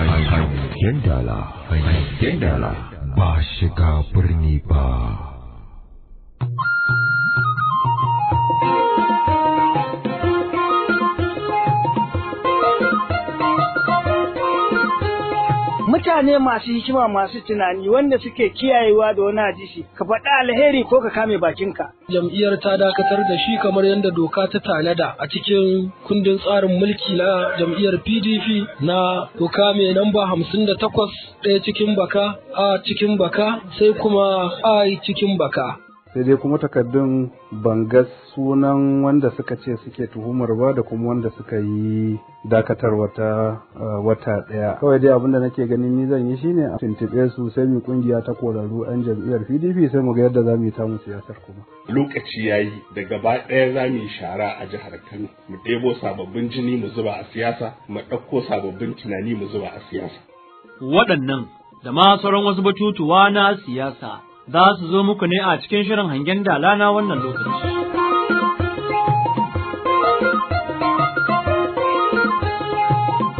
Hanya tiada lah, tiada lah, bahasa kau pernipah. mutane masu hikima masu tunani wanda suke kiyayewa da wani hadisi ka faɗa alheri ko ka kame bakinka. Jam'iyyar ta dakatar da shi kamar yadda doka ta tanada a cikin kundin tsarin mulki na jam'iyyar PDP na doka mai namba hamsin da takwas ɗaya cikin baka a cikin baka sai kuma a cikin baka. sai dai kuma takardun bangas sunan wanda suka ce suke tuhumar ba da kuma wanda suka yi dakatar wata wata daya kawai dai abinda nake ganin ni zan yi shine a tuntube su sai mu kungiya ta korarru an jam'iyyar PDP sai mu ga yadda za mu yi ta mu siyasar kuma lokaci yayi da gaba daya za mu yi shara a jihar Kano mu ɗebo sababbin jini mu zuba a siyasa mu ɗauko sababbin tunani mu zuba a siyasa waɗannan da ma sauran wasu batutuwa na siyasa za su zo muku ne a cikin shirin hangen dala na wannan lokaci.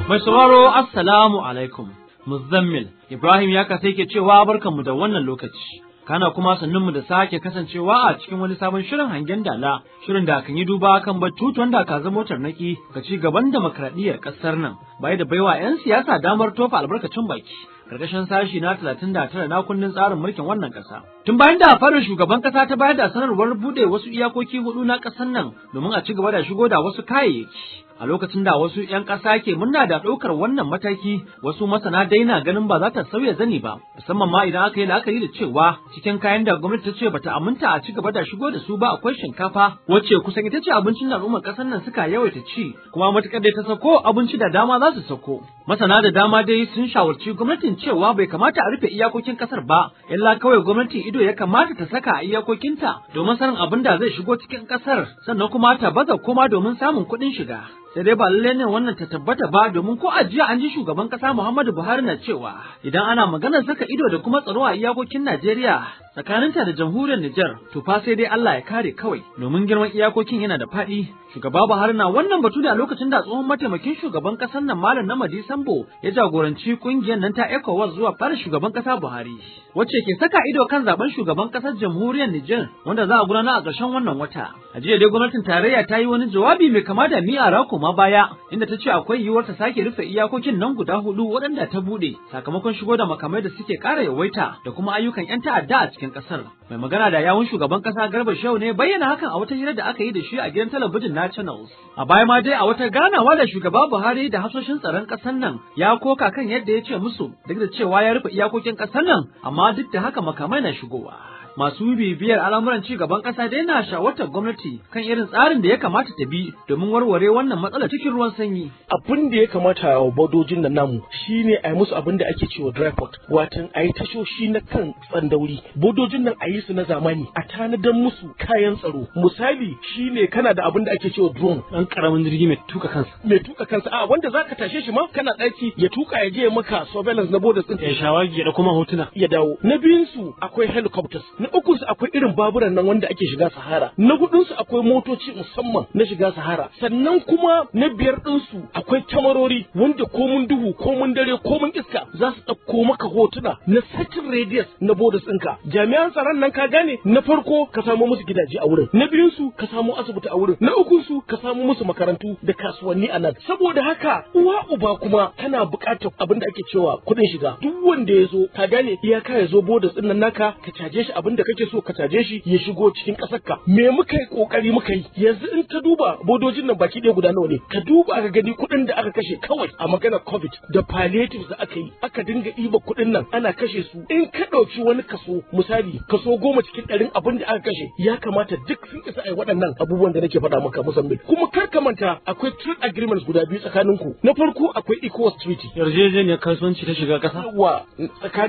Mai sauraro Assalamu alaikum, Muzammil, Ibrahim ya kasa yake cewa barkanmu da wannan lokaci. Kana kuma sannunmu da sake kasancewa a cikin wani sabon shirin hangen dala, shirin da kan yi duba kan batutuwan da ka zama naki ga ci gaban demokradiyyar ƙasar nan, bai da baiwa 'yan siyasa damar tofa albarkacin baki. karkashin sashi na 39 na kundin tsarin mulkin wannan ƙasa. Tun bayan da farin shugaban ƙasa ta bayar da sanarwar bude wasu iyakoki hudu na ƙasar nan domin a ci gaba da shigo da wasu kayayyaki. A lokacin da wasu 'yan ƙasa ke murna da ɗaukar wannan mataki, wasu masana dai na ganin ba za ta sauya zani ba, musamman ma idan aka yi la'akari da cewa cikin kayan da gwamnati ta ce bata aminta a ci gaba da shigo da su ba akwai shinkafa, wacce kusan ita ce abincin da al'ummar ƙasar nan suka yawaita ci, kuma matuƙar da ta sako abinci da dama za su sako. Masana da dama dai sun shawarci gwamnatin cewa bai kamata a rufe iyakokin kasar ba, illa kawai gwamnatin ido ya kamata ta saka a iyakokinta domin sanin abin da zai shigo cikin kasar sannan kuma ta baza koma domin samun kuɗin shiga. sai dai ba lallai ne wannan ta tabbata ba domin ko a jiya an ji shugaban kasa Muhammadu Buhari na cewa idan ana maganar saka ido da kuma tsaro a iyakokin Najeriya tsakaninta da jamhuriyar Nijar to fa sai dai Allah ya kare kawai domin girman iyakokin yana da faɗi shugaba Buhari na wannan batu ne a lokacin da tsohon mataimakin shugaban ƙasar nan Malam Namadi Sambo ya jagoranci kungiyar nan ta ECOWAS zuwa fara shugaban ƙasa Buhari wacce ke saka ido kan zaben shugaban ƙasar jamhuriyar Nijar wanda za a gudanar a ƙarshen wannan wata a jiya dai gwamnatin tarayya ta yi wani jawabi mai kama da mi'a rako ma baya inda ta ce akwai yiwuwar ta sake rufe iyakokin nan guda hudu waɗanda ta buɗe sakamakon shigo da makamai da suke ƙara yawaita da kuma ayyukan 'yan ta'adda cikin kasar. Mai magana da yawun shugaban ƙasa Garba Shehu ne bayyana hakan a wata hira da aka yi da shi a gidan talabijin na Channels. A baya ma dai a wata ganawa da shugaba Buhari da hasoshin tsaron ƙasar nan ya koka kan yadda ya ce musu duk da cewa ya rufe iyakokin ƙasar nan amma duk da haka makamai na shigowa. masu bibiyar al'amuran ci gaban ƙasa dai na shawartar gwamnati kan irin tsarin da ya kamata ta bi domin warware wannan matsala cikin ruwan sanyi. Abin da ya kamata wa bodojin da namu shine a yi musu abin da ake cewa dry pot, watan a yi tashoshi na kan tsandauri bodojin nan a yi su na zamani a tanadar musu kayan tsaro misali shine kana da abin da ake cewa drone dan karamin jirgi mai tuka kansa mai tuka kansa a wanda zaka tashe shi ma kana ɗaki ya tuka ya je maka surveillance na borders ya shawagi ya kuma hotuna ya dawo na biyun su akwai helicopters na ukun su akwai irin baburan nan wanda ake shiga sahara na hudun su akwai motoci musamman na shiga sahara sannan kuma na biyar din su akwai kyamarori wanda ko mun duhu ko mun dare ko mun iska za su dauko maka hotuna na satin radius na borders ɗinka jami'an tsaron nan ka gane na farko ka samu musu gidaje a wurin na biyun su ka samu asibiti a wurin na ukun su ka samu musu makarantu da kasuwanni a nan saboda haka uwa uba kuma tana buƙatar abin da ake cewa kuɗin shiga duk wanda ya zo ka gane iyaka ya zo borders ɗin nan naka ka caje shi abin abin da kake so ka caje shi ya shigo cikin kasar ka me muka yi kokari muka yi yanzu in ta duba bodojin nan baki ɗaya guda nawa ne ka duba ka gani kuɗin da aka kashe kawai a magana covid da palliative da aka yi aka dinga ɗiba kuɗin nan ana kashe su in ka ɗauki wani kaso misali kaso goma cikin ɗarin abin da aka kashe ya kamata duk sun isa a waɗannan abubuwan da nake faɗa maka musamman kuma kar ka manta akwai trade agreements guda biyu tsakanin ku na farko akwai ecowas treaty yarjejeniyar kasuwanci ta shiga ƙasa yawa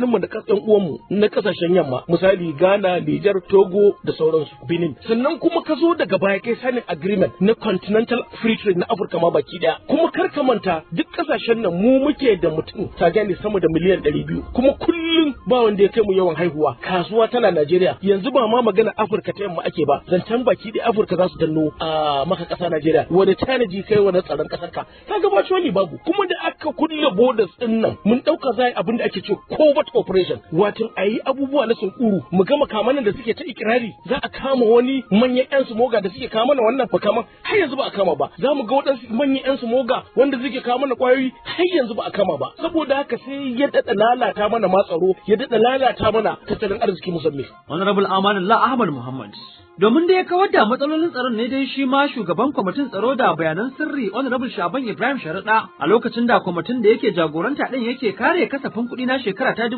mu da ƙasan uwanmu na ƙasashen yamma misali ga Ghana, Niger, Togo da sauransu Benin. Sannan kuma ka zo daga baya kai sanin agreement na Continental Free Trade na Afirka ma baki daya. Kuma kar ka manta duk kasashen nan mu muke da mutum ta gane sama da miliyan 200 kuma kullum kullum ba wanda ya kai mu yawan haihuwa kasuwa tana Najeriya yanzu ba ma magana Afirka ta yamma ake ba zan baki da Afirka za su danno a maka kasa Najeriya wani tanaji kai wani tsaron kasar ka kaga ba wani babu kuma da aka kulle borders din nan mun dauka za abin da ake ce covert operation wato ayi abubuwa na sunkuru mu ga makamanan da suke ta ikirari za a kama wani manyan yan su moga da suke kama na wannan makaman har yanzu ba a kama ba za mu ga waɗansu manyan yan su moga wanda suke kama na kwayoyi har yanzu ba a kama ba saboda haka sai ya dada lalata mana matsaro taro ya daɗa lalata mana tattalin arziki musamman. Honorable La Ahmad Muhammad. Domin da ya kawar da matsalolin tsaron ne dai shi ma shugaban kwamitin tsaro da bayanan sirri Honorable Shaban Ibrahim Sharaɗa a lokacin da kwamitin da yake jagoranta ɗin yake kare kasafin kuɗi na shekara ta da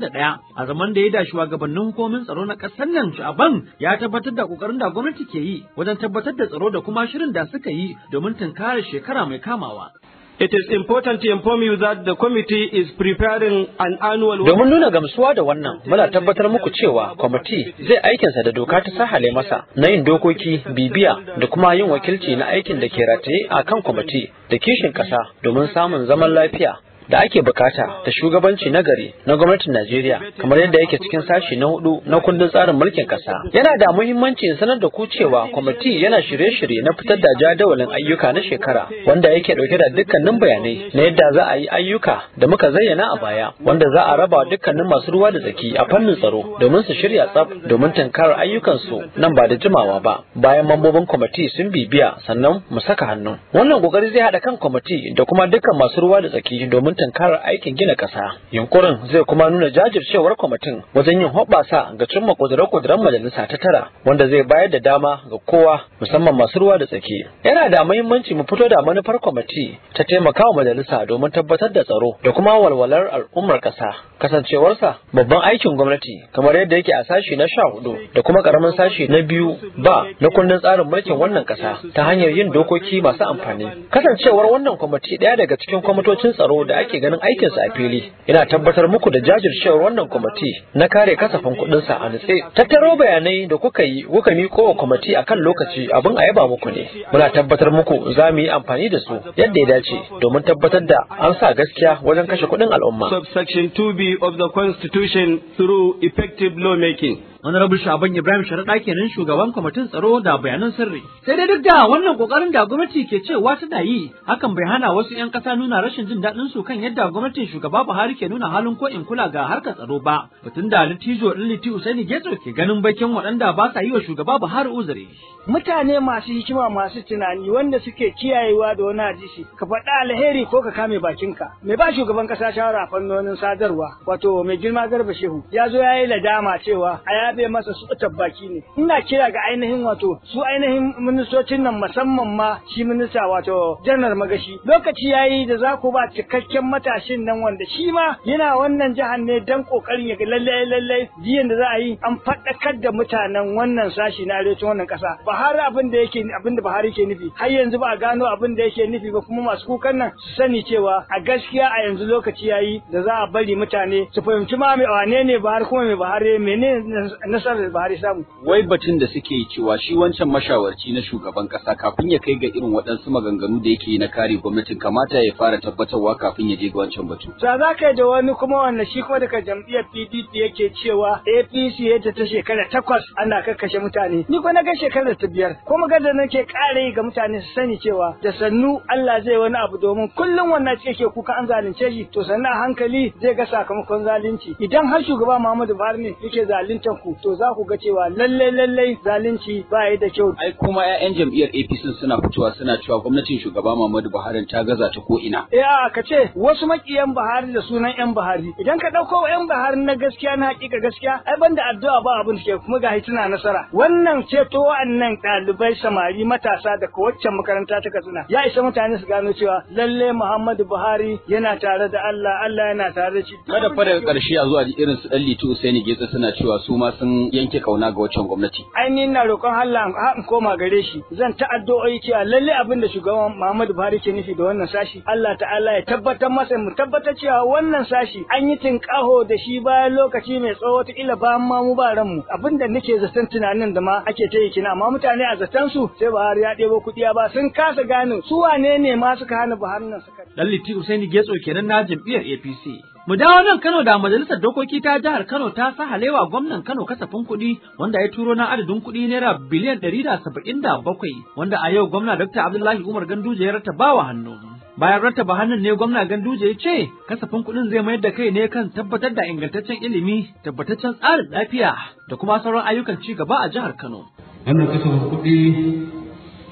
da ɗaya, a zaman da ya da shugabannin hukumomin tsaro na ƙasar nan Shaban ya tabbatar da ƙoƙarin da gwamnati ke yi wajen tabbatar da tsaro da kuma shirin da suka yi domin tunkarar shekara mai kamawa. It is important to inform you that the committee is preparing an annual Domin nuna gamsuwa da wannan, muna tabbatar muku cewa kwamiti zai aikinsa da doka ta sahale masa na yin dokoki, bibiya da kuma yin wakilci na aikin da ke rataye a kan kwamiti da kishin ƙasa domin samun zaman lafiya da ake bukata ta shugabanci nagari na gwamnatin Najeriya kamar yadda yake cikin sashi na hudu na kundin tsarin mulkin kasa. Yana da muhimmanci sanar da ku cewa kwamiti yana shirye-shirye na fitar da jadawalin ayyuka na shekara wanda yake dauke da dukkanin bayanai na yadda za a yi ayyuka da muka zayyana a baya wanda za a raba dukkanin masu ruwa da tsaki a fannin tsaro domin su shirya tsaf domin tunkarar ayyukansu nan ba da jimawa ba bayan mambobin kwamiti sun bibiya sannan mu saka hannu. Wannan kokari zai hada kan kwamiti da kuma dukkan masu ruwa da tsaki domin domin tankarar aikin gina ƙasa. Yunkurin zai kuma nuna jajircewar kwamitin wajen yin hoɓɓasa ga cimma ƙudurar-ƙudurar majalisa ta tara wanda zai bayar da dama ga kowa musamman masu ruwa da tsaki. Yana da muhimmanci mu fito da manufar kwamiti ta taimaka wa majalisa domin tabbatar da tsaro da kuma walwalar al'ummar ƙasa. Kasancewarsa babban aikin gwamnati kamar yadda yake a sashi na sha hudu da kuma ƙaramin sashi na biyu ba na kundin tsarin mulkin wannan ƙasa ta hanyar yin dokoki masu amfani. Kasancewar wannan kwamiti ɗaya daga cikin kwamitocin tsaro da ake ganin aikinsa a fili ina tabbatar muku da jajircewar wannan kwamiti na kare kasafin kuɗinsa a nutse tattaro bayanai da kuka yi kuka mi ko kwamiti akan lokaci abin a yaba muku ne muna tabbatar muku za mu yi amfani da su yadda ya dace domin tabbatar da an sa gaskiya wajen kashe kuɗin al'umma subsection 2b of the constitution through effective lawmaking Honorable Shaban Ibrahim Sharaɗa kenan shugaban kwamitin tsaro da bayanan sirri. Sai dai duk da wannan kokarin da gwamnati ke cewa tana yi, hakan bai hana wasu 'yan ƙasa nuna rashin jin daɗin su kan yadda gwamnatin shugaba Buhari ke nuna halin ko in kula ga harkar tsaro ba, batun da Litijo ɗin Liti Usaini Getso ke ganin bakin waɗanda ba sa yi wa shugaba Buhari uzuri. mutane masu hikima masu tunani wanda suke kiyayewa da wani hadisi ka faɗa alheri ko ka kame bakinka mai ba shugaban kasa shawara fannonin sadarwa wato mai girma garba shehu ya zo ya yi ladama cewa a yabe masa su baki ne ina kira ga ainihin wato su ainihin ministocin nan musamman ma shi minista wato janar magashi lokaci ya yi da za ku ba cikakken matashin nan wanda shi ma yana wannan jihar ne dan kokarin ya lallai lallai jiyan da za a yi an faɗakar da mutanen wannan sashi na arewacin wannan ƙasa Buhari abin da yake abin da Buhari ke nufi har yanzu ba a gano abin da yake nufi ba kuma masu kukan nan su sani cewa a gaskiya a yanzu lokaci yayi da za a bari mutane su fahimci ma mai wane ne Buhari kuma mai Buhari menene nasarar Buhari samu wai batun da suke cewa shi wancan mashawarci na shugaban kasa kafin ya kai ga irin waɗansu maganganu da yake na kare gwamnatin kamata ya fara tabbatarwa kafin ya je ga wancan batu to za ka da wani kuma wannan shi kuma daga jam'iyyar PDP yake cewa APC ya ta shekara takwas ana kakkashe mutane ni kuma na ga shekara ta biyar kuma ga da nake kare ga mutane su sani cewa da sannu Allah zai wani abu domin kullum wannan ce ke kuka an zalunce shi to sannu a hankali zai ga sakamakon zalunci idan har shugaba Muhammadu Buhari ne yake zaluntar ku to za ku ga cewa lalle lalle zalunci ba yi da kyau ai kuma ƴaƴan jam'iyyar APC suna fitowa suna cewa gwamnatin shugaba Muhammadu Buhari ta gaza ta ko ina eh ka ce wasu makiyan Buhari da sunan ƴan Buhari idan ka dauko ƴan Buhari na gaskiya na hakika gaskiya ai banda addu'a ba abin da ke kuma ga tana nasara wannan ceto wa'annan kan ɗalibai samari matasa da ko waccan makaranta ta Katsina ya isa mutane su gano cewa lalle Muhammadu Buhari yana tare da Allah Allah yana tare da shi kada fa daga ƙarshe a zuwa irin su Dan Litu Usaini Getsa suna cewa su ma sun yanke kauna ga waccan gwamnati ainihin na roƙon Allah in koma gare shi zan ta addu'o'i cewa lalle abin da shugaban Muhammadu Buhari ke nufi da wannan sashi Allah ta'ala ya tabbatar masa mu tabbatar cewa wannan sashi an yi tinƙaho da shi bayan lokaci mai tsawo ta ila ba mu ba ranmu Abinda nake zaton tunanin da ma ake ta yi kina amma mutane a zaton su sai Buhari ya ɗebo kuɗi ba sun kasa ganin su wane ne ma suka hana Buhari nan suka. Dan Litti Usaini Getso kenan na jam'iyyar APC. Mu dawo nan Kano da majalisar dokoki ta jihar Kano ta sa halewa gwamnan Kano kasafin kuɗi wanda ya turo na adadin kuɗi naira biliyan ɗari da saba'in da bakwai wanda a yau gwamna Dr. Abdullahi Umar Ganduje ya ba wa hannu. Bayan rattaba hannun ne gwamna Ganduje ya ce kasafin kuɗin zai mayar da kai ne kan tabbatar da ingantaccen ilimi, tabbataccen tsarin lafiya da kuma sauran ayyukan ci gaba a jihar Kano. Wannan kasafin kuɗi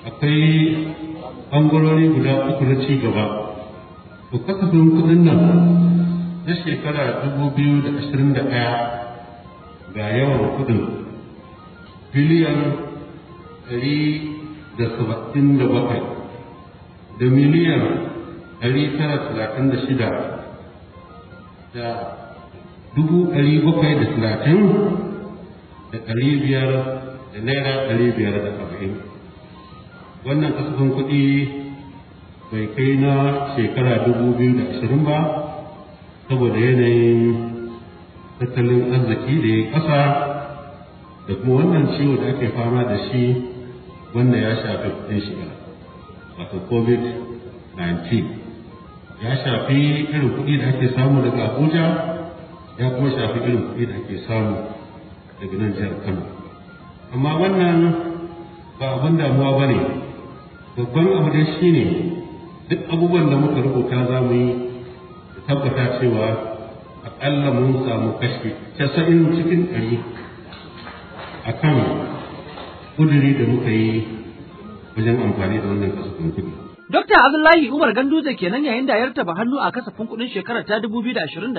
akwai ɓangarori guda uku na ci gaba. To kasafin kuɗin nan na shekara dubu biyu da ashirin da ɗaya ga yawan kuɗin biliyan ɗari da saba'in da bakwai da miliyan ɗari tara talatin da shida da dubu ɗari bakwai da talatin da ɗari biyar da naira ɗari biyar da saba'in wannan kasafin kuɗi bai kai na shekara dubu biyu da ashirin ba saboda yanayin tattalin arziki da ya ƙasa da kuma wannan ciwo da ake fama da shi wanda ya shafi kuɗin shiga wato covid-19 ya shafi irin kuɗi da ake samu daga abuja ya kuma shafi irin kuɗi da ake samu daga nan jihar kano amma wannan ba abin damuwa ba ne babban abu dai shi ne duk abubuwan da muka rubuta za mu yi da tabbata cewa aƙalla mun samu kashi casa'in cikin ɗari a kan ƙuduri da muka yi wajen amfani da wannan kasafin kuɗi Dokta Abdullahi Umar Ganduje kenan yayin da ya taba hannu a kasafin kuɗin shekarar ta 2021.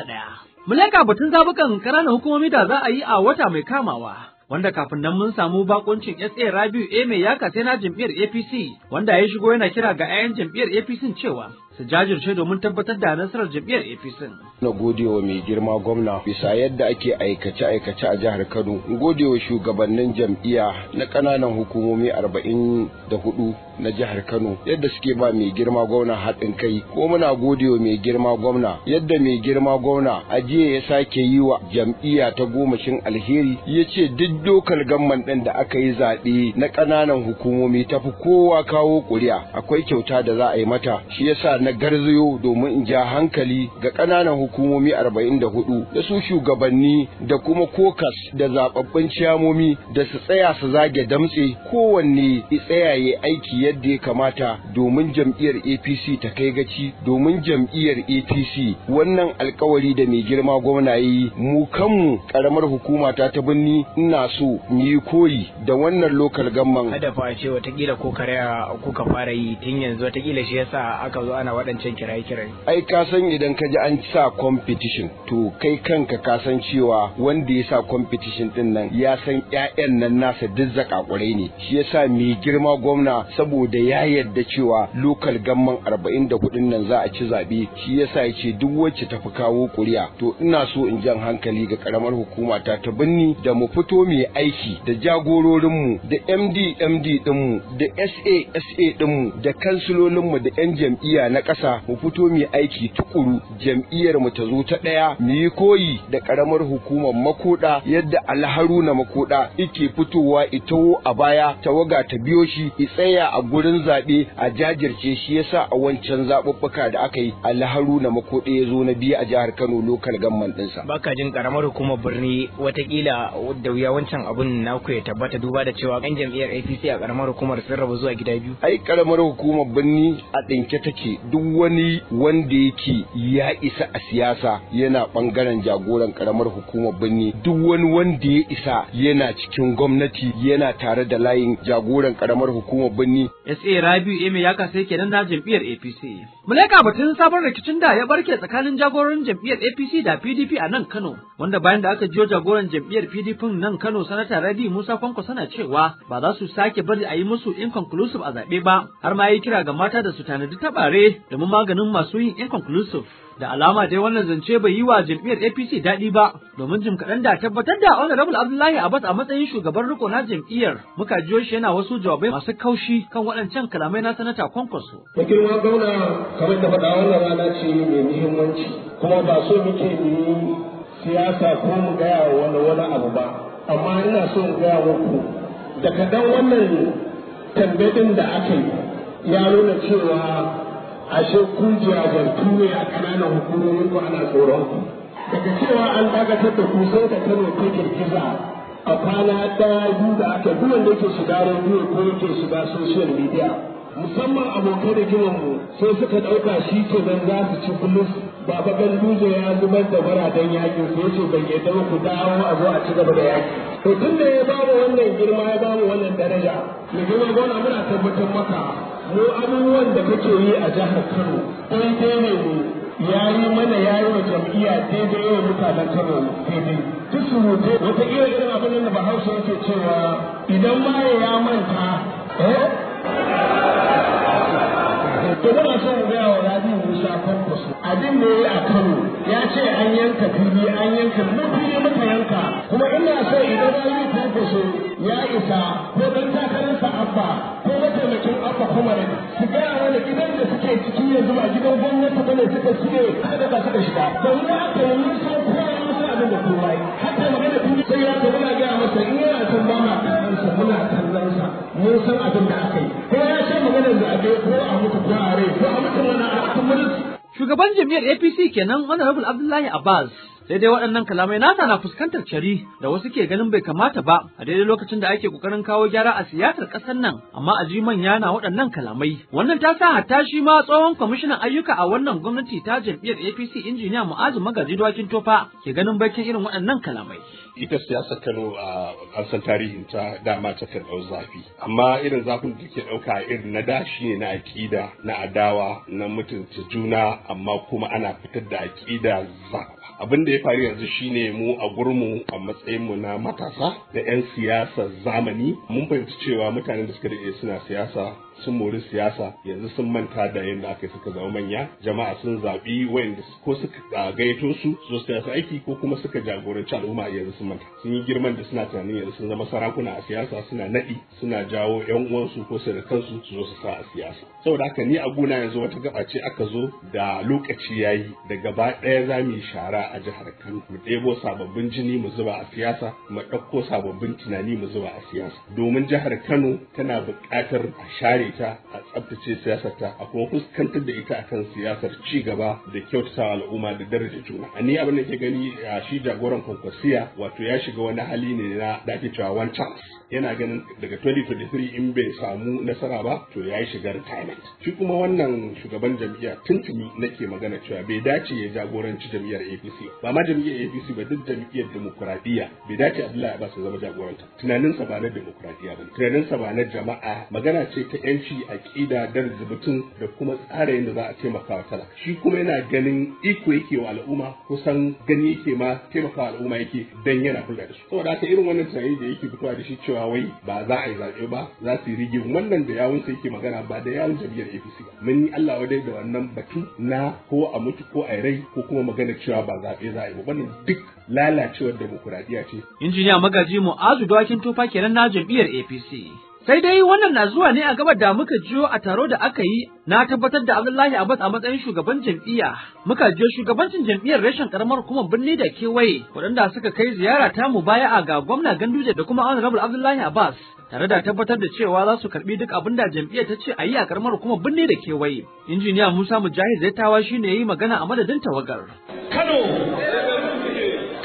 leka batun zabukan ƙananan hukumomi da za a yi a wata mai kamawa. Wanda kafin nan mun samu bakoncin SA Rabiu A mai yaka sai na jam'iyyar APC wanda ya shigo yana kira ga 'ya'yan jam'iyyar APC cewa su jajirce domin tabbatar da nasarar jam'iyyar APC. Na gode mai girma gwamna bisa yadda ake aikace-aikace a jihar Kano. godewa shugabannin jam'iyya na ƙananan hukumomi arba'in da hudu na jihar Kano yadda suke ba mai girma gwamna haɗin kai ko muna gode mai girma gwamna yadda mai girma gwamna a jiya ya sake yi wa jam'iyya ta goma shin alheri ya ce duk dokar gamman ɗin da aka yi zaɓe na ƙananan hukumomi tafi kowa kawo ƙuri'a akwai kyauta da za a yi mata shi yasa na na garzayo domin in ja hankali ga ƙananan hukumomi 44 da su shugabanni da kuma kokas da zababbin ciyamomi da su tsaya su zage damtse kowanne tsayaye aiki yadda ya kamata domin jam'iyyar apc ta kai gaci domin jam'iyyar apc wannan alkawari da mai girma gwamna yi mu kanmu karamar hukuma ta ta birni ina so mu yi koyi da wannan lokal gamman hadafa ce watakila ko kare kuka fara yi tun yanzu watakila shi yasa aka zo ana ana waɗancan kiraye-kiraye. Ai ka san idan ka ji an sa competition to kai kanka ka san cewa wanda ya sa competition din nan ya san ƴaƴan nan nasa duk zakakurai ne shi yasa mai girma gwamna saboda ya yadda cewa local gamman arba'in da kuɗin nan za a ci zaɓe shi yasa ce duk wacce tafi kawo kuriya to ina so in jan hankali ga ƙaramar hukuma ta ta binni da mu fito mu aiki da jagororinmu da MD MD da SA SA da kansilolinmu da yan jam'iyya na kasa ƙasa mu fito mu aiki tukuru jam'iyyar mu ta zo ta ɗaya mu yi koyi da ƙaramar hukumar makoɗa yadda na makoɗa ike fitowa ita a baya ta waga ta biyo shi i tsaya a gurin zaɓe a jajirce shi yasa a wancan zaɓuɓɓuka da aka yi na makoda ya zo na biyu a jihar Kano lokal gamman ɗinsa. Baka jin ƙaramar hukumar birni watakila da wuya wancan abun naku ya tabbata duba da cewa yan jam'iyyar APC a ƙaramar hukumar sun rabu zuwa gida biyu. Ai ƙaramar hukumar birni a ɗinke take duk wani wanda yake ya isa a siyasa yana bangaren jagoran karamar hukumar birni duk wani wanda ya isa yana cikin gwamnati yana tare da layin jagoran karamar hukumar birni SA Rabiu Eme ya kasa kenan na jam'iyyar APC Muleka batun sabon rikicin da ya barke tsakanin jagoran jam'iyyar APC da PDP a nan Kano, wanda bayan da aka jiyo jagoran jam'iyyar PDP nan Kano sanata Radi Musa Kwanko sana cewa ba za su sake bari a yi musu inconclusive a zaɓe ba, har ma yi kira ga mata da su tanadi tabare domin maganin masu yin inconclusive. Da alama dai wannan zance bai yi wa jam'iyyar APC daɗi ba, domin jim kaɗan da tabbatar da Honorable Abdullahi Abbas a matsayin shugaban riko na jam'iyyar muka jiyo shi yana wasu jawabai masu kaushi kan waɗancan kalamai na sanata Kwankwaso. kamar da faɗa wannan rana ce mai muhimmanci kuma ba so muke yi siyasa ko mu gaya wa wani abu ba amma ina so mu gaya muku da kaɗan wannan tambayin da aka yi ya nuna cewa ashe ku jiragartu ne a ƙananan hukumomi ku ana tsoron ku daga cewa an dakatar da ku sai ka kano ta girgiza a kwana ɗaya biyu da aka duk wanda yake shiga rediyo ko yake shiga social media musamman abokai da mu sai suka ɗauka shi ke nan za su ci kullum ba ɗan duje ya zubar da don yaƙin sai ce ban yadda ku dawo a zo a ci gaba da yaƙi. to tun da ya bamu wannan girma ya bamu wannan daraja mu girma gona muna tabbatar maka mu abubuwan da kake yi a jihar Kano daidai ne mu ya yi mana ya yi wa jam'iyya daidai wa mutanen Kano daidai duk rute wata irin abin da bahaushe yake cewa idan ma ya manta eh to muna son gaya wa Rabi Musa Kwankwaso abin da yi a Kano ya ce an yanka fili an yanka mu fili muka yanka kuma ina so idan Rabi Kwankwaso ya isa ko dan sa Abba ko mataimakin Abba kuma ne su gaya wani gidan da suke ciki yanzu ba gidan gwamnati bane suka shige kada ba suka shiga Kuma mun haka yi musu kowa ya san abin da kowa yi hatta magana fili sai ya ce muna gaya masa in yana san ba ma kallon sa muna kallon sa mun san abin da jam'iyyar APC kenan rabul Abdullahi Abbas sai dai waɗannan kalamai nasa na fuskantar cari da wasu ke ganin bai kamata ba a daidai lokacin da ake kokarin kawo gyara a siyasar ƙasar nan amma a ji manya na waɗannan kalamai wannan ta sa hatta shi ma tsohon kwamishinan ayyuka a wannan gwamnati ta jam'iyyar APC injiniya Mu'azu Magaji Dawakin Tofa ke ganin bakin irin waɗannan kalamai ita siyasar Kano a kasar tarihin ta dama ta kan zafi amma irin zafin da ke ɗauka irin na da shi ne na aƙida na adawa na mutunta juna amma kuma ana fitar da aƙida za abin da ya faru yanzu shine mu a gurmu a matsayin mu na matasa da 'yan siyasar zamani mun fahimci cewa mutanen da suka daɗe suna siyasa sun mori siyasa yanzu sun manta da yadda aka suka zama manya jama'a sun zaɓi wayanda ko suka gayyato su su siyasa aiki ko kuma suka jagoranci al'umma yanzu sun manta sun yi girman da suna tunanin yanzu sun zama sarakuna a siyasa suna naɗi suna jawo yan uwansu ko su da kansu su zo su sa a siyasa saboda haka ni a gona yanzu wata gaba ce aka zo da lokaci ya yi. da gaba ɗaya za mu yi shara a jihar Kano mu ɗebo sababbin jini mu zuba a siyasa mu ɗauko sababbin tunani mu zuba a siyasa domin jihar Kano tana buƙatar a share kare ta a tsabtace siyasarta, a kuma fuskantar da ita akan siyasar ci gaba da kyautata al'umma da daraja juna a ni abin da ke gani a shi jagoran kwankwasiya wato ya shiga wani hali ne na da cewa one chance yana ganin daga 2023 in bai samu nasara ba to ya yi shiga retirement shi kuma wannan shugaban jam'iyyar tuntuni nake magana cewa bai dace ya jagoranci jam'iyyar APC ba ma jam'iyyar APC ba duk jam'iyyar demokradiyya bai dace Abdullahi Abbas ya zama jagoranta tunaninsa ba na demokradiyya ba tunaninsa ba na jama'a magana ce ta inganci ƙida da zubutun da kuma tsara yadda za a taimaka wa talaka shi kuma yana ganin iko yake wa al'umma kusan gani yake ma taimaka wa al'umma yake dan yana kula da su saboda haka irin wannan tunani da yake fitowa da shi cewa wai ba za a yi zaɓe ba za su yi rigin wannan da yawun yake magana ba da yawun jam'iyyar APC ba mun yi Allah wadai da wannan batu na ko a mutu ko a rai ko kuma magana cewa ba zaɓe za a yi ba wannan duk lalacewar demokuraɗiyya ce injiniya magaji mu'azu dawakin tofa kenan na jam'iyyar APC Sai dai wannan na zuwa ne a gaba da muka jiyo a taro da aka yi na tabbatar da Abdullahi Abbas a matsayin shugaban jam'iyya. Muka jiyo shugabancin jam'iyyar reshen karamar hukumar birni da kewaye waɗanda suka kai ziyara ta mu baya a ga gwamna Ganduje da kuma Honorable Abdullahi Abbas tare da tabbatar da cewa za su karbi duk abin da jam'iyyar ta ce a yi a karamar hukumar birni da kewaye. Injiniya Musa Mujahid shi shine ya yi magana a madadin tawagar. Kano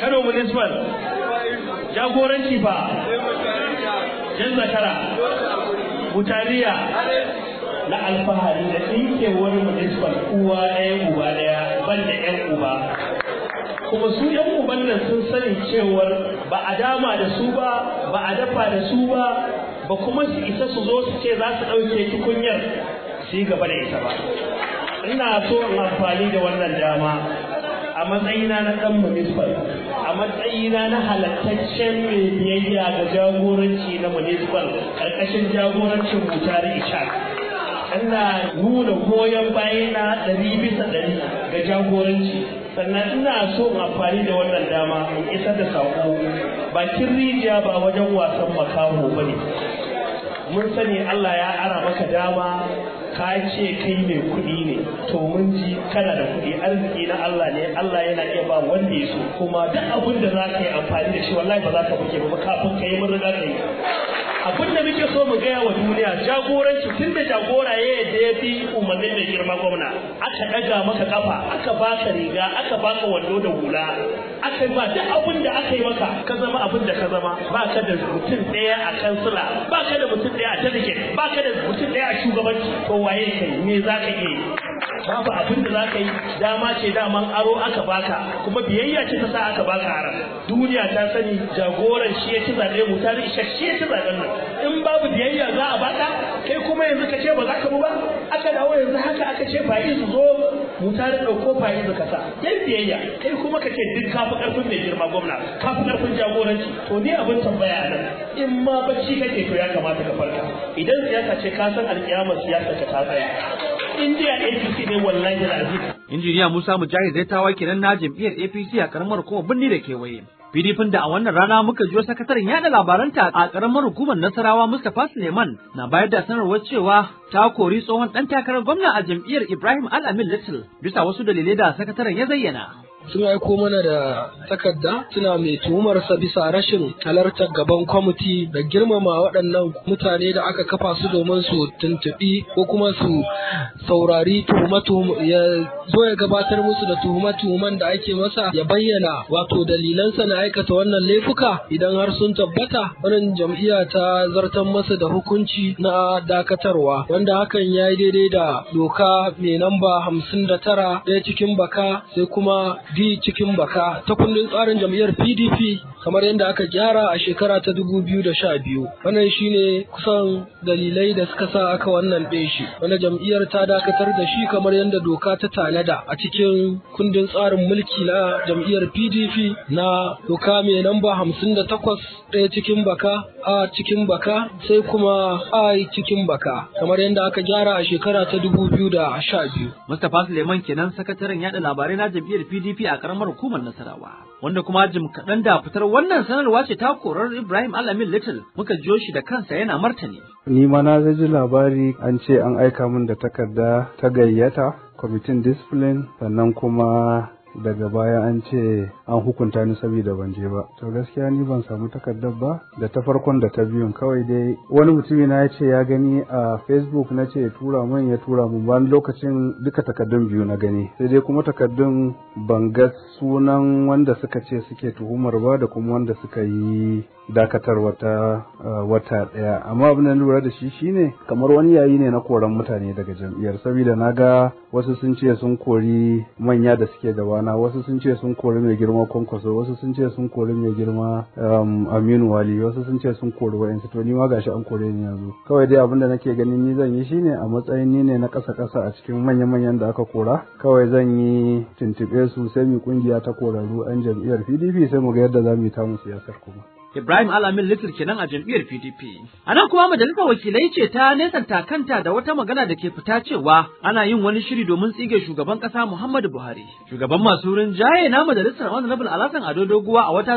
Kano Municipal jagoranci fa Yan zakara mutaniya na alfahari da wani municipal uwa ɗaya uba ɗaya ban da ƴan uba kuma su ƴan uban nan sun sani cewar ba a dama da su ba ba a dafa da su ba ba kuma su isa su zo su ce za su ɗauke tukunyar su yi gaba da ita ba ina so in amfani da wannan dama a matsayina na ɗan municipal a matsayina na halattaccen mai biyayya ga jagoranci na municipal ƙarƙashin jagorancin mutare ishaq ina nuna goyon bayana ɗari bisa ɗari ga jagoranci sannan ina so in amfani da wannan dama in isar da saƙo bakin rijiya ba wajen wasan makaho ba ne mun sani Allah ya ara maka dama ka ce kai mai kuɗi ne to mun ji kana da kuɗi arziki na Allah ne Allah yana iya ba wanda ya so kuma duk abin da za ka yi amfani da shi wallahi ba za ka buke ba kafin ka yi mun riga kai abin da muke so mu gaya wa duniya jagoranci tun da ya ya fi umarnin mai girma gwamna aka ɗaga maka kafa aka baka riga aka baka wando da hula aka yi ba duk abin da aka yi maka ka zama abin da ka zama ba ka da mutum ɗaya a kansila ba ka da mutum ɗaya a delegate ba ka da mutum ɗaya a shugabanci ko waye kai me za ka iya babu abin da za ka yi dama ce daman aro aka baka kuma biyayya ce ta sa aka baka haram duniya ta sani jagoran shi ya ci zabe mu ta shi ya ci zaben nan in babu biyayya za a baka kai kuma yanzu ka ce ba za ka mu ba aka dawo yanzu haka aka ce su zo mu ta da dauko ka sa yan biyayya kai kuma ka ce duk kafi karfin mai girma gwamna kafi karfin jagoranci to ni abin tambaya nan in ma bacci kake to ya kamata ka farka idan siyasa ce ka san alƙiyamar siyasa ka ta tsaya apc ne wallahi injiniya musa mujahid zai tawa kenan na jam'iyyar apc a karamar hukumar birni da kewaye PDP da a wannan rana muka jiyo sakataren yada labaranta a karamar hukumar Nasarawa Mustapha Suleiman na bayar da sanarwar cewa ta kori tsohon dan takarar gwamna a jam'iyyar Ibrahim Al-Amin Little bisa wasu dalilai da sakataren ya zayyana. sun aiko mana da takarda suna mai tuhumarsa bisa rashin halartar gaban kwamiti da girmama waɗannan mutane da aka kafa su domin su tuntuɓi ko kuma su saurari tuhuma ya zo ya gabatar musu da tuhuma-tuhuman da ake masa ya bayyana wato dalilansa na aikata wannan laifuka idan har sun tabbata wannan jam'iyya ta zartar masa da hukunci na dakatarwa wanda hakan ya yi daidai da doka mai namba hamsin da tara ɗaya cikin baka sai kuma di cikin baka ta kundin tsarin jam'iyyar PDP kamar yadda aka gyara a shekara ta 2012 wannan shine kusan dalilai da suka sa aka wannan ɗeshi wanda jam'iyyar ta dakatar da shi kamar yadda doka ta tanada a cikin kundin tsarin mulki na jam'iyyar PDP na doka mai namba 58 ɗaya cikin baka a cikin baka sai kuma a cikin baka kamar yadda aka gyara a shekara ta 2012 Mustapha Suleiman kenan sakataren yada labarai na jam'iyyar PDP a karamar hukumar Nasarawa. Wanda kuma jim kaɗan da fitar wannan sanarwa ce ta korar Ibrahim Alamin Little muka jiyo shi da kansa yana martani. Ni ma na ji labari an ce an aika min da takarda ta gayyata kwamitin discipline sannan kuma daga baya an ce an hukunta ni saboda ban je ba to gaskiya ni ban samu takardar ba da ta farkon da ta biyun kawai dai wani mutumi na ya ce ya gani a facebook na ce tura min ya tura min ban lokacin duka takardun biyu na gani sai dai kuma takardun ban ga sunan wanda suka ce suke tuhumar ba da kuma wanda suka yi dakatar wata eh, wata daya amma abin da lura da shi shine kamar wani yayi ne na koran mutane daga jam'iyyar saboda na ga wasu sun ce sun kori manya da suke gabana wasu sun ce sun kori mai girma kwankwaso wasu sun ce sun kori mai girma um, aminu wali wasu sun ce sun kori wa'yansu to ni ma gashi an kore ni yanzu kawai dai abin da nake ganin ni zan yi shine a matsayin ni ne na ƙasa ƙasa a cikin manyan manyan da aka kora kawai zan yi tuntuɓe su sai mu kungiya ta korarru 'yan jam'iyyar pdp sai mu ga yadda za mu yi tamu siyasar kuma Ibrahim Alamin Little kenan a jam'iyyar PDP. A nan kuma majalisar wakilai ce ta nesanta kanta da wata magana da ke fita cewa ana yin wani shiri domin tsige shugaban ƙasa Muhammadu Buhari. Shugaban masu wurin jaye na majalisar Honorable Alhassan Ado Doguwa a wata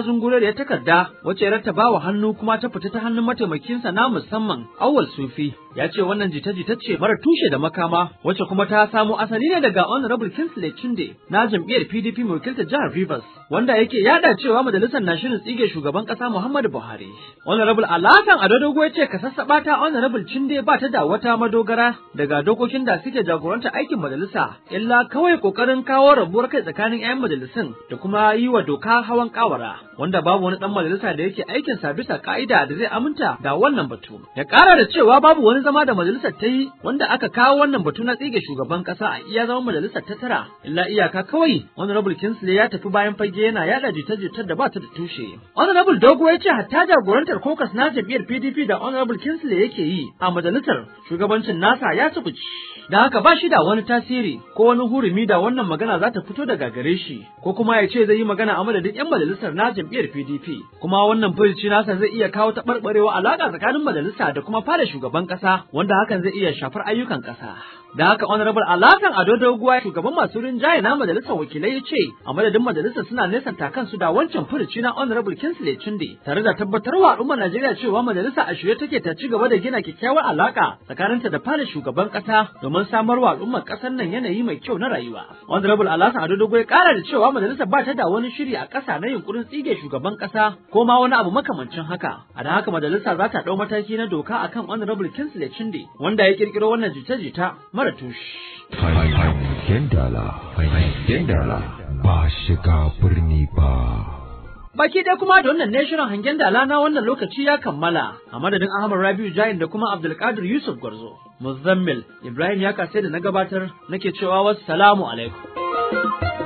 ya takarda wacce ya rattaba wa hannu kuma ta fita ta hannun mataimakinsa na musamman Awal Sufi. Ya ce wannan jita-jita ce mara tushe da makama wacce kuma ta samo asali ne daga Honorable Kinsley Tunde na jam'iyyar PDP mai wakiltar jihar Rivers wanda yake yada cewa majalisar na shirin tsige shugaban kasa Muhammadu Muhammadu Buhari. Honorable Alasan Ado Dogo ya ce ka sassaɓa ta Honorable Cinde ba ta da wata madogara daga dokokin da suke jagoranta aikin majalisa, illa kawai kokarin kawo rabuwar kai tsakanin 'yan majalisun da kuma yi wa doka hawan kawara, wanda babu wani ɗan majalisa da yake aikin sa bisa ka'ida da zai aminta da wannan batu. Ya ƙara da cewa babu wani zama da majalisar ta yi wanda aka kawo wannan batu na tsige shugaban ƙasa a iya zama majalisar ta tara, illa iyaka kawai Honorable Kinsley ya tafi bayan fage yana yaɗa jita-jitar da ba ta da tushe. Honorable Dogo ya ce hatta jagorantar kokas na jam'iyyar PDP da Honorable Kinsley yake yi a majalisar shugabancin nasa ya ci Da haka ba shi da wani tasiri ko wani hurumi da wannan magana za ta fito daga gare shi, ko kuma ya ce zai yi magana a madadin 'yan majalisar na jam'iyyar PDP. Kuma wannan furuci nasa zai iya kawo taɓarɓarewa alaƙa tsakanin majalisa da kuma fada shugaban ƙasa, wanda hakan zai iya shafar ayyukan ƙasa. Da haka Honorable Alasan Ado Doguwa shugaban masu rinjaye na majalisar wakilai ya ce a madadin majalisar suna nesanta kansu da wancan furuci na Honorable Kinsley Chinde tare da tabbatarwa al'ummar Najeriya cewa majalisa a shirye take ta ci gaba da gina kyakkyawar alaƙa tsakaninta da fada shugaban ƙasa domin domin samar wa al'ummar ƙasar nan yanayi mai kyau na rayuwa. Honorable Alhassan Adodogo ya kara da cewa majalisa ba ta da wani shiri a kasa na yunkurin tsige shugaban ƙasa ko ma wani abu makamancin haka. A da haka majalisa za ta ɗau mataki na doka akan Honorable Kinsley Chinde wanda ya kirkiro wannan jita-jita mara tushe. ba shiga birni ba. Baki ɗaya kuma da wannan ne shirin hangen dala na wannan lokaci ya kammala a madadin Ahmad Rabiu Jain da kuma Abdulkadir Yusuf Gwarzo. Muzammil Ibrahim ya kasai da na gabatar nake cewa wassalamu alaikum.